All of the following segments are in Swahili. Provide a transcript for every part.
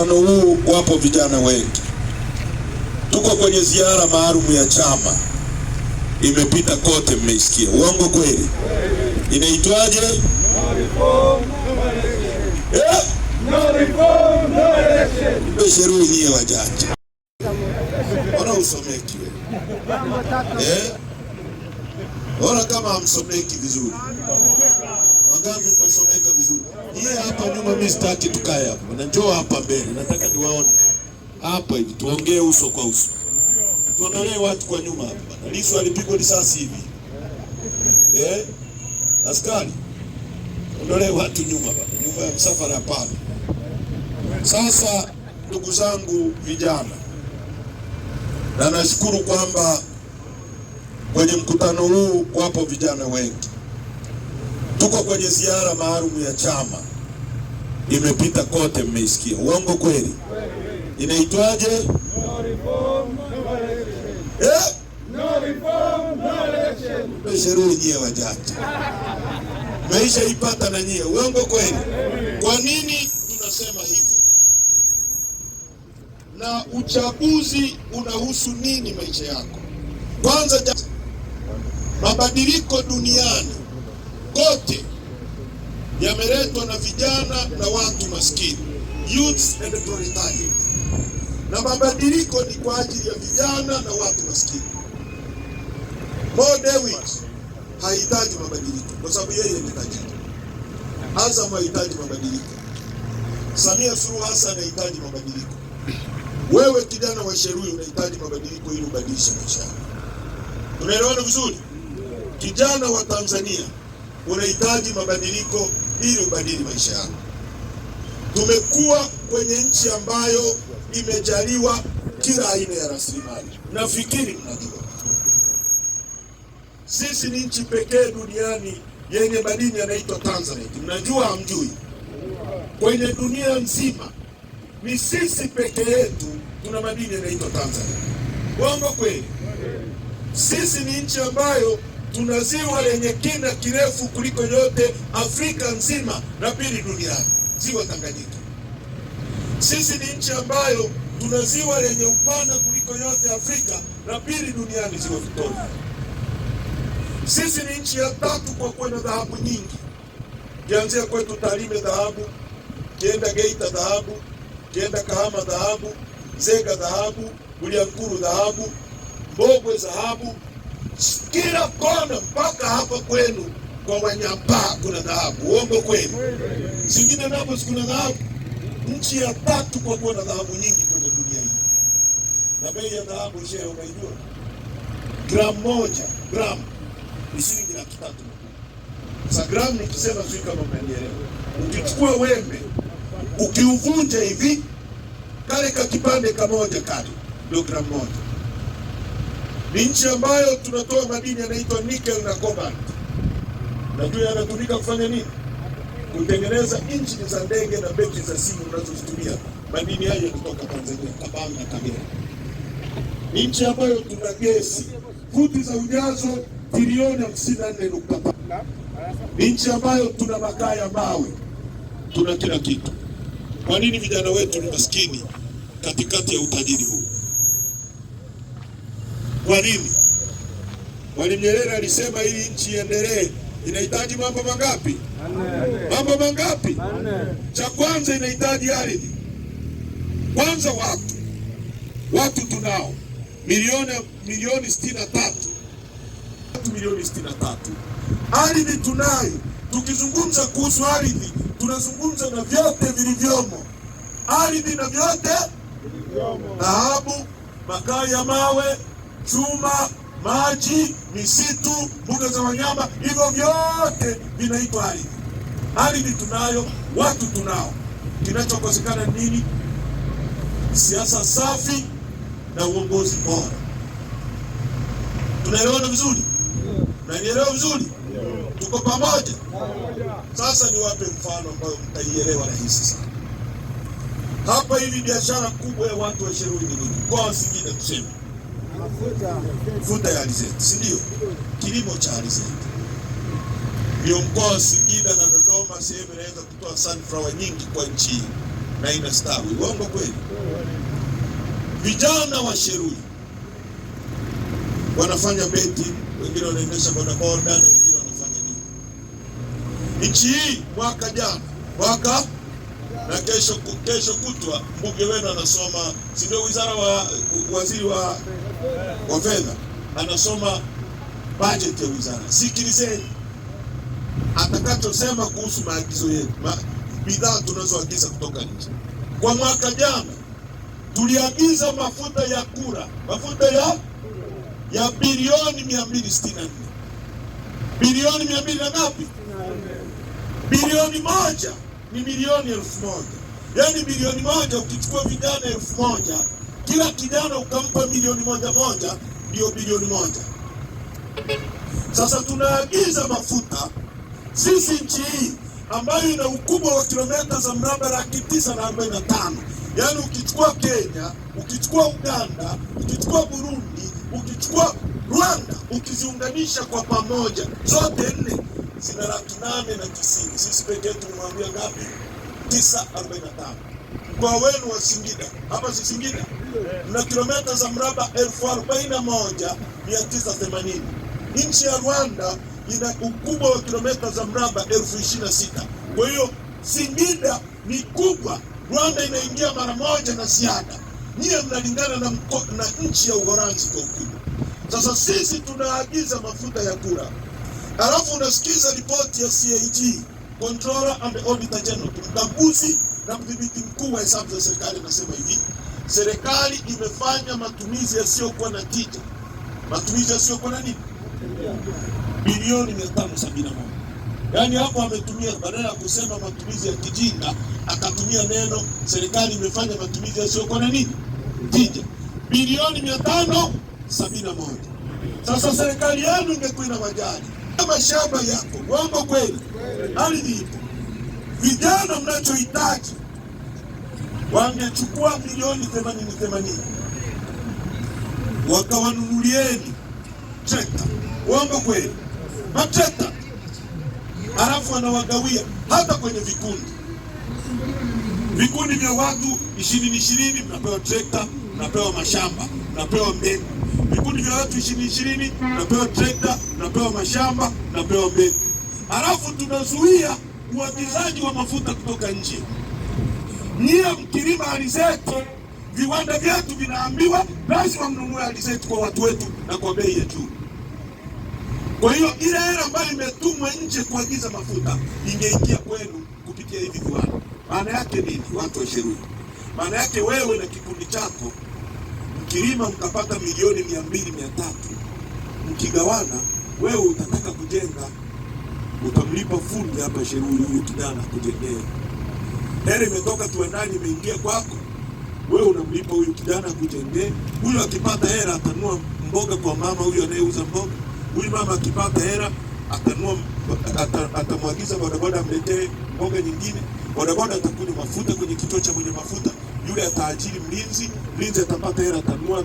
Mkutano huu wapo vijana wengi, tuko kwenye ziara maalum ya chama, imepita kote, mmeisikia. Uongo kweli? Inaitwaje? Eh? Sheruhi nyie wajanja, ona usomeki eh? ona kama hamsomeki vizuri Wangapi mnasomeka vizuri? Hii hapa nyuma mimi sitaki tukae hapa. Na njoo hapa mbele. Nataka niwaone. Hapa hivi tuongee uso kwa uso. Tuondolee watu kwa nyuma hapa. Lissu alipigwa risasi hivi. Eh? Askari. Ondolee watu nyuma hapa. Nyuma ya msafara pale. Sasa ndugu zangu vijana, na nashukuru kwamba kwenye mkutano huu wapo vijana wengi. Tuko kwenye ziara maalum ya chama, imepita kote, mmeisikia. Uongo kweli? Inaitwaje? No reform, no election. Eh? No reform, no election. nyie wajanja maisha ipata na nyie. Uongo kweli? Kwa nini tunasema hivyo? Na uchaguzi unahusu nini maisha yako? Kwanza mabadiliko duniani kote yameletwa na vijana na watu maskini, youths and proletariat, na mabadiliko ni kwa ajili ya vijana na watu maskini. Mo Dewji hahitaji mabadiliko kwa sababu yeye ni tajiri. Azam hahitaji mabadiliko. Samia Suluhu Hassan anahitaji mabadiliko. Wewe kijana wa Shelui unahitaji mabadiliko ili ubadilishe maisha yako. Tunaelewana vizuri? Kijana wa Tanzania unahitaji mabadiliko ili ubadili maisha yako. Tumekuwa kwenye nchi ambayo imejaliwa kila aina ya rasilimali, nafikiri mnajua sisi ni nchi pekee duniani yenye madini yanaitwa Tanzanite. Mnajua hamjui? Kwenye dunia nzima ni sisi pekee yetu tuna madini yanaitwa Tanzanite. Uongo kweli? Sisi ni nchi ambayo tuna ziwa lenye kina kirefu kuliko yote Afrika nzima na pili duniani, ziwa Tanganyika. Sisi ni nchi ambayo tuna ziwa lenye upana kuliko yote Afrika na pili duniani, ziwa Victoria. Sisi ni nchi ya tatu kwa kuwa na dhahabu nyingi, kianzia kwetu Tarime dhahabu, kienda Geita dhahabu, kienda Kahama dhahabu, Nzega dhahabu, Bulyanhulu dhahabu, Mbogwe dhahabu kila kona mpaka hapa kwenu kwa Wanyampa kuna dhahabu. Uongo kweli? Zingine napo sikuna dhahabu. Nchi ya tatu kwa kuwa na dhahabu nyingi kwenye dunia hii, na bei ya dhahabu je, unaijua? Gramu moja gramu ni shilingi laki tatu. Sasa gramu nikisema sio kama mnanielewa. Ukichukua wembe ukiuvunja hivi, kale ka kipande kamoja kale ndio gramu moja ni nchi ambayo tunatoa madini yanaitwa nickel na cobalt. Najua yanatumika kufanya nini? Kutengeneza injini za ndege na beti za simu unazozitumia. Madini hayo yanatoka Tanzania, Kabanga, Kagera. Ni nchi ambayo tuna gesi futi za ujazo trilioni 54.5. Ni nchi ambayo tuna makaa ya mawe, tuna kila kitu. Kwa nini vijana wetu ni maskini katikati ya utajiri huu? Kwa nini? Mwalimu Nyerere alisema ili nchi iendelee inahitaji mambo mangapi? Mambo mangapi? Cha kwanza inahitaji ardhi. Kwanza watu, watu tunao milioni milioni sitini na tatu watu milioni sitini na tatu. Ardhi tunayo. Tukizungumza kuhusu ardhi, tunazungumza na vyote vilivyomo ardhi na vyote vilivyomo: dhahabu, makaa ya mawe chuma, maji, misitu, mbuga za wanyama, hivyo vyote vinaitwa ardhi. Ardhi tunayo, watu tunao. Kinachokosekana nini? Siasa safi na uongozi bora. Tunaelewana vizuri? Nanielewa vizuri? Tuko pamoja? Sasa niwape mfano ambayo mtaielewa rahisi sana. Hapa hivi biashara kubwa ya watu wa ni nini? Kwa Singida tuseme mafuta ya alizeti, si ndio? Kilimo cha alizeti ndio mkoa wa Singida na Dodoma sehemu inaweza kutoa sunflower nyingi kwa nchi na inastawi. Uongo kweli? Vijana wa Shelui wanafanya beti, wengine wanaendesha bodaboda, wengine wanafanya nini? Nchi hii mwaka jana mwaka na kesho, kesho kutwa mbunge wenu anasoma, si ndio? Wizara wa waziri wa wa fedha anasoma bajeti ya wizara. Sikilizeni atakachosema kuhusu maagizo yetu, bidhaa tunazoagiza kutoka nje. Kwa mwaka jana tuliagiza mafuta ya kura, mafuta ya ya bilioni 264 bilioni 200 na ngapi? Bilioni moja ni milioni elfu moja yaani bilioni moja ukichukua vijana elfu moja kila kijana ukampa milioni moja moja, ndiyo bilioni moja. Sasa tunaagiza mafuta sisi nchi hii ambayo ina ukubwa wa kilomita za mraba laki tisa na arobaini na tano yaani ukichukua Kenya, ukichukua Uganda, ukichukua Burundi, ukichukua Rwanda, ukiziunganisha kwa pamoja zote nne zina laki nane na tisini. Sisi pekee tumemwambia ngapi? tisa arobaini na tano kwa wenu wa Singida hapa, si Singida na kilomita za mraba elfu arobaini na moja mia tisa themanini. Nchi ya Rwanda ina ukubwa wa kilomita za mraba elfu ishirini na sita. Kwa hiyo Singida ni kubwa, Rwanda inaingia mara moja na siada Nyie mnalingana na, na nchi ya Uholanzi kwa ukubwa. Sasa sisi tunaagiza mafuta ya kura, alafu unasikiza ripoti ya CAG, Controller and Auditor General, mkaguzi na mdhibiti mkuu wa hesabu za serikali anasema hivi, serikali imefanya matumizi yasiyokuwa na tija, matumizi yasiyokuwa na nini, bilioni 571. Yaani hapo ametumia badala ya kusema matumizi ya kijinga, akatumia neno serikali imefanya matumizi yasiyokuwa na nini, tija, bilioni 571. Sasa serikali yenu ingekuwa ina wajali, mashamba yako ng'ombe kweli, ardhi ipo Vijana mnachohitaji, wangechukua milioni themanini themanini wakawanunulieni trekta, uongo kweli? Matrekta halafu wanawagawia hata kwenye vikundi vikundi vya watu ishirini ishirini, mnapewa trekta, mnapewa mashamba, mnapewa mbegu. Vikundi vya watu ishirini ishirini, mnapewa trekta, mnapewa mashamba, mnapewa mbegu, halafu tunazuia uagizaji wa mafuta kutoka nje. Nyie mkilima alizeti, viwanda vyetu vinaambiwa lazima mnunue alizeti kwa watu wetu na kwa bei ya juu. Kwa hiyo ile hela ambayo imetumwa nje kuagiza mafuta ingeingia kwenu kupitia hivi viwanda. Maana yake nini? Watu waishirini. Maana yake wewe na kikundi chako mkilima mkapata milioni mia mbili mia tatu mkigawana, wewe utataka kujenga utamlipa fundi hapa Sheluli, huyu kijana akujengee. Hela imetoka tuendani, imeingia kwako wewe, unamlipa huyu kijana akujengee. Huyu akipata hela atanua mboga kwa mama huyu anayeuza mboga. Huyu mama akipata hela atanua atamwagiza bodaboda amletee mboga nyingine, bodaboda atakunywa mafuta kwenye kituo cha mwenye mafuta. Yule ataajiri mlinzi, mlinzi atapata hela atanua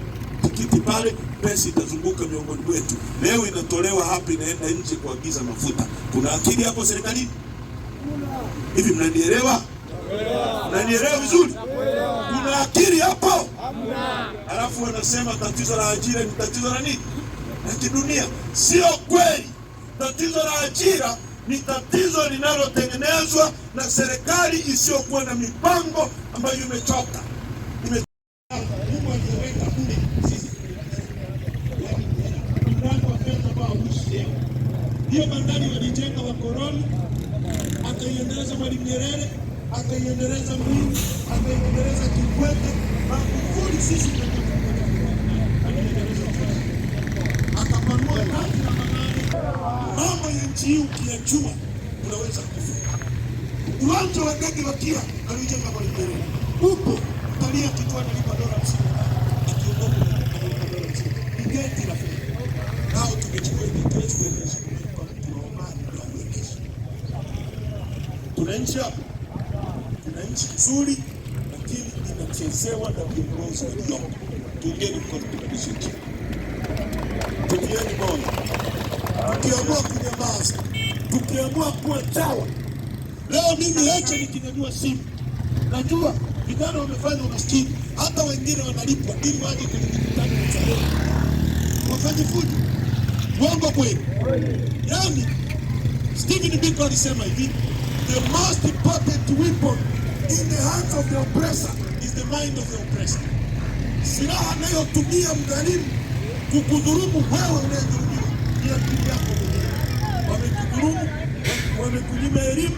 kiti pale, pesa itazunguka miongoni mwetu. Leo inatolewa hapa inaenda nje kuagiza mafuta. Kuna akili hapo serikalini? Hivi mnanielewa? Mnanielewa vizuri? Kuna akili hapo? Halafu wanasema tatizo la ajira ni tatizo la nini? La kidunia. Sio kweli. Tatizo la ajira ni tatizo linalotengenezwa na serikali isiyokuwa na mipango ambayo imechoka ataiendeleza mimi, ataiendeleza Kikwete. Magufuli sisi atapanua tatu na manane. Mambo ya nchi hii ukiyajua, unaweza kufa. Uwanja wa ndege wa Kia alijenga Mwalimu Nyerere, huko nalipa dola hamsini akiondoka dola ni geti la fedha. Nao kwa mtu wa nchi nzuri, lakini inachezewa na viongozi wadogo. Tuungeni mkono kubadilisha nchi, tutieni moyo. Tukiamua kunyamaza, tukiamua kuwa chawa, leo mimi acha nikinyanyua simu, najua vijana wamefanya umaskini, hata wengine wanalipwa ili waje kwenye mikutano ya chama wafanye fujo. Uongo kweli? Yani Stephen Biko alisema hivi, the most important weapon in the hands of the oppressor is the mind of the oppressor. Silaha anayotumia mdhalimu kukudhurumu wewe unayedhulumiwa ni akili yako mwenyewe. Wamekudhurumu, wamekunyima elimu,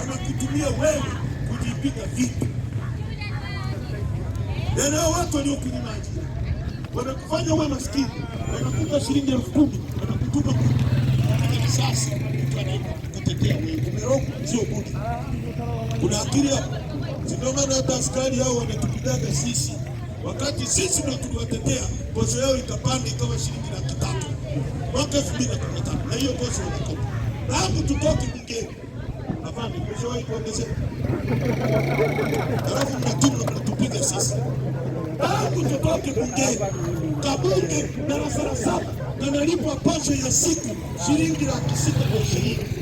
wamekutumia wewe kujipiga vitu. Yanao watu waliokunyima ajira wanakufanya uwe maskini, wanakupa shilingi elfu kumi wanakutupa katika risasi, mtu anaenda kutetea wewe. Umerogwa, sio budi. Kuna akili hapo. Ndio maana hata askari hao wanatupidaga sisi, wakati sisi ndio tuliwatetea, posho yao ikapanda ikawa shilingi laki tatu mwaka elfu mbili na kumi na tano na hiyo posho wanakopa, na hapo tutoki bungeni afande, umeshawahi kuongezeka, alafu mnatuma mnatupiga sisi tangu tutoke bungeni kabunge darasa la saba kanalipwa posho ya siku shilingi laki sita na ishirini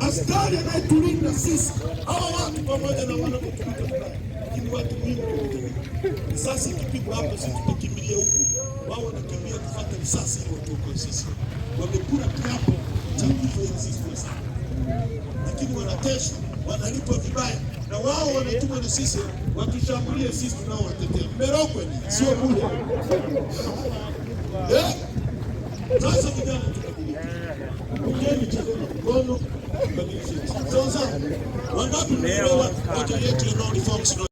askari anayetulinda sisi hawa watu pamoja na wale risasi ikipigwa hapo, sisi tutakimbilia huku, wao wanakimbia kufata risasi ili watuokoe sisi. Wamekula kiapo cha kuzuia sisi sana, lakini wanateswa, wanalipwa vibaya, na wao wanatumwa na sisi watushambulie sisi tunaowatetea. Mmerogwe sio bure. Eh? Sasa vijana, ungeni chezona mkono kubadilisha. Sasa wangapi mmeelewa hoja yetu ya no reforms?